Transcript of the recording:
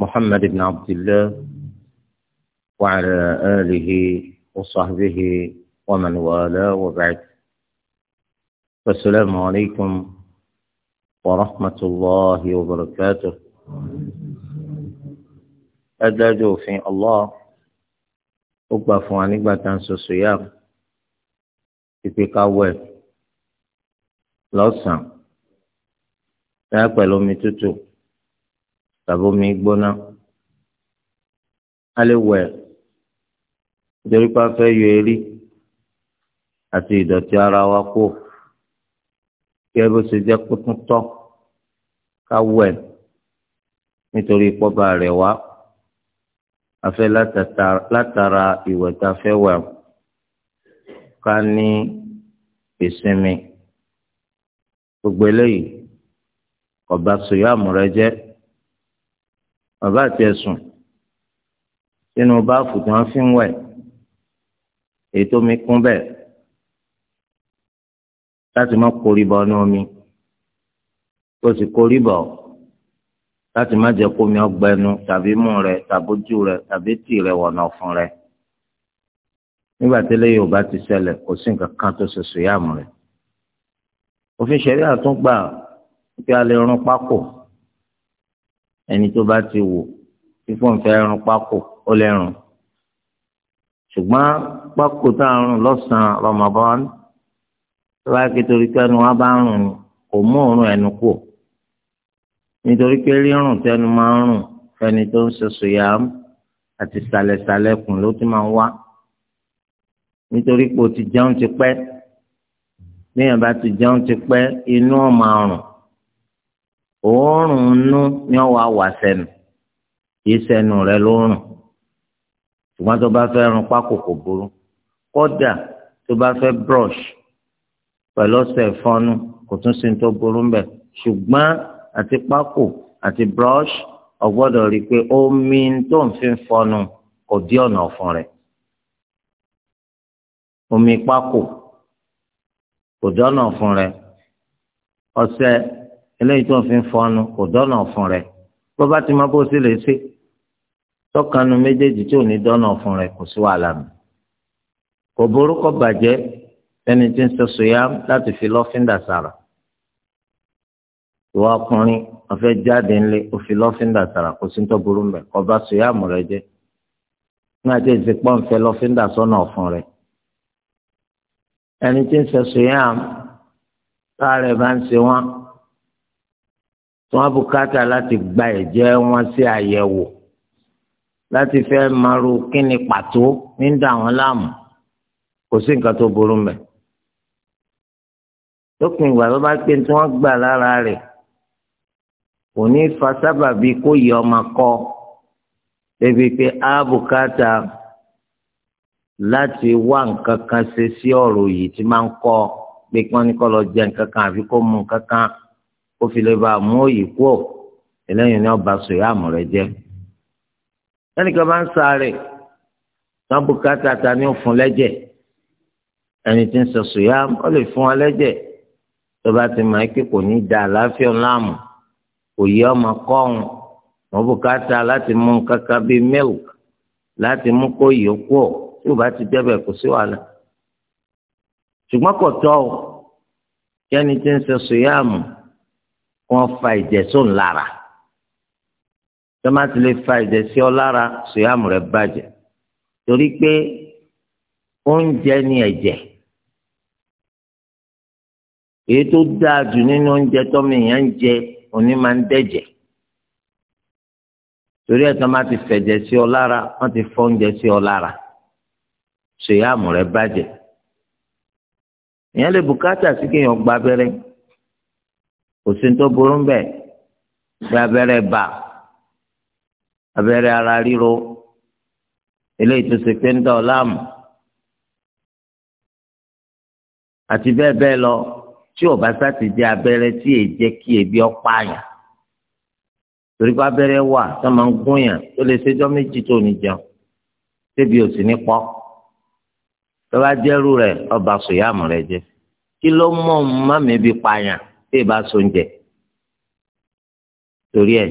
محمد بن عبد الله وعلى آله وصحبه ومن والاه وبعد فالسلام عليكم ورحمة الله وبركاته أدادوا في الله أقبى فوانيك باتانسو سيام تبقى ويب lọ́sàn-án dáa pẹ̀lú omi tàbí omi gbóná a lè wẹ̀ nítorí pé a fẹ́ yọ eré àti ìdọ̀tí ara wa kó kí ẹ bó ṣe jẹ́ kó tún tọ́ ká wẹ̀ nítorí pọ́ba rẹ̀ wá a fẹ́ látara ìwẹ̀ tá a fẹ́ wẹ̀ ká ní ìsinmi gbogbo eléyìí ọba sòyàmù rẹ jẹ́ bàbá àti ẹ̀sùn sínú báàfù tí wọ́n fi ń wẹ̀ ètò mi kún bẹ́ẹ̀ láti má korí bọ ní omi kó sì korí bọ láti má jẹ́ kó mi ọgbẹnu tàbí mú rẹ tàbójú rẹ tàbí tì rẹ wọnà ọ̀fun rẹ nígbà tí lẹ́yìn ọba ti ṣẹlẹ̀ kò sí nǹkan kan tó ṣe sùyàmù rẹ òfin ṣẹlẹ̀ àtúngbà pé a lè rún pákó ẹni tó bá ti wò fífọ́n fẹ́ rún pákó ó lè rún ṣùgbọ́n pákó tá a rún lọ́sàn-án Ramadan tó bá ké torí pé ẹnu wa bá rùn ni kò mú òórùn ẹnu kù nítorí pé rírùn tẹnu máa ń rùn fẹni tó ń ṣe sòyàm àti sàlẹ̀sàlẹ̀ kùn ló ti máa ń wá nítorí pé o ti jẹun ti pẹ́ bí èèyàn bá ti jẹun ti pẹ́ inú ọ̀ máa rùn òórùn nú ni ó wà wà sẹ́nu kì í sẹ́nu rẹ ló ṣùgbọ́n tó bá fẹ́ rún pákó kò burú kódà tó bá fẹ́ brush pẹ̀lú ọṣẹ ìfọnu kò tún sí tó burú mbẹ̀ ṣùgbọ́n àti pákó àti brush o gbọ́dọ̀ rí i pé omi tó ń fi fọnu kò dí ọ̀nà ọ̀fun rẹ̀ omi pákó kò dí ọ̀nà ọ̀fun rẹ̀ ọṣẹ eléyìí tó fi ń fọnu kò dọ́nà ọ̀fun rẹ̀ bó bá ti máa bó sí lè ṣe tọ́kanu méjèèjì tí ò ní dọ́nà ọ̀fun rẹ̀ kò sí wàhálà mi. kò borúkọ bàjẹ́ ẹni tí ń sọ̀sọ̀ yá láti fi lọ́fíńdà sára. ìwọ ọkùnrin ọ̀fẹ́ jáde ńlẹ̀ ó fi lọ́fíńdà sára kò sí ń tọ́ burú mẹ́ kò bá sọ̀yàmù rẹ̀ jẹ́. ní àti èsì pọ́ǹfẹ́ lọ́fíńdà sọ́nà ọ̀fun rẹ̀. ẹni tí ń sọ̀sọ̀ yá táà rẹ̀ bá ń ṣe wọ́n wọn bùkátà láti gba ẹ̀jẹ̀ wọn sí àyẹ̀wò láti fẹ́ maru kíni pàtó ní dà wọn láàmú kò sí nǹkan tó burú mẹ lópin ìgbà tó bá pé tí wọn gbà lára rẹ̀ kò ní fa sábàbí kó yẹ ọmọ kọ débi pé á bùkátà láti wá nǹkan kan ṣe sí ọ̀rọ̀ yìí tí máa ń kọ pé kí wọn ní kó lọ jẹ nǹkan kan àbí kó mu nǹkan kan kó fi lè ba mú òyì kú ọ eléyìí ni ọba sọ ìyá àmọ rẹ jẹ ẹnìkan bá ń sáré wọn ta ni ó fún lẹ́jẹ̀ ẹni tí ń sọ sọ ìyá ó lè fún wa lẹ́jẹ̀ tó bá ti máa pé kò ní da àlàáfíà láàmú òye ọmọ kọ́ọ̀hún wọn láti mú kankan bíi milk láti mú kó yìí kú ọ tí ò bá ti débẹ̀ kò sí wàhálà ṣùgbọ́n kò tọ́ ọ kí ẹni tí ń sọ sọ ìyá wọ́n fa ìjẹ̀só ńlára tọ́mátì lè fa ìjẹ̀sí ọ lára sùyàmù rẹ̀ bàjẹ́ torí pé oúnjẹ ni ẹ̀jẹ̀ èyí tó dáa jù nínú oúnjẹ tọ́mọ èèyàn ń jẹ òní máa ń dẹ̀jẹ̀ torí ẹ̀ tọ́mátì fẹ̀jẹ̀ sí ọ lára wọ́n ti fọ́ oúnjẹ sí ọ lára sùyàmù rẹ̀ bàjẹ́ èèyàn lè bùkátà sí kéèyàn gba abẹ́rẹ́ kò sí tó burú ń bẹ̀ bí abẹ́rẹ́ bà abẹ́rẹ́ ara ríro eléyìí tó ṣe pé ń dọ̀ láàmú àti bẹ́ẹ̀ bẹ́ẹ̀ lọ tí ò bá sá ti jẹ́ abẹ́rẹ́ tí èyí jẹ́ kí ebi ọ̀pá yàn torí pé abẹ́rẹ́ wà tó máa ń gún yàn tó lè ṣèjọ́ méjì tó ní jẹun tẹ́bi ò ní pọ́ tó bá jẹ́rú rẹ̀ ọba sòyàmù rẹ̀ jẹ́ kí ló mọ̀ mọ́mí bí pààyàn bí ìbá so ń jẹ torí ẹ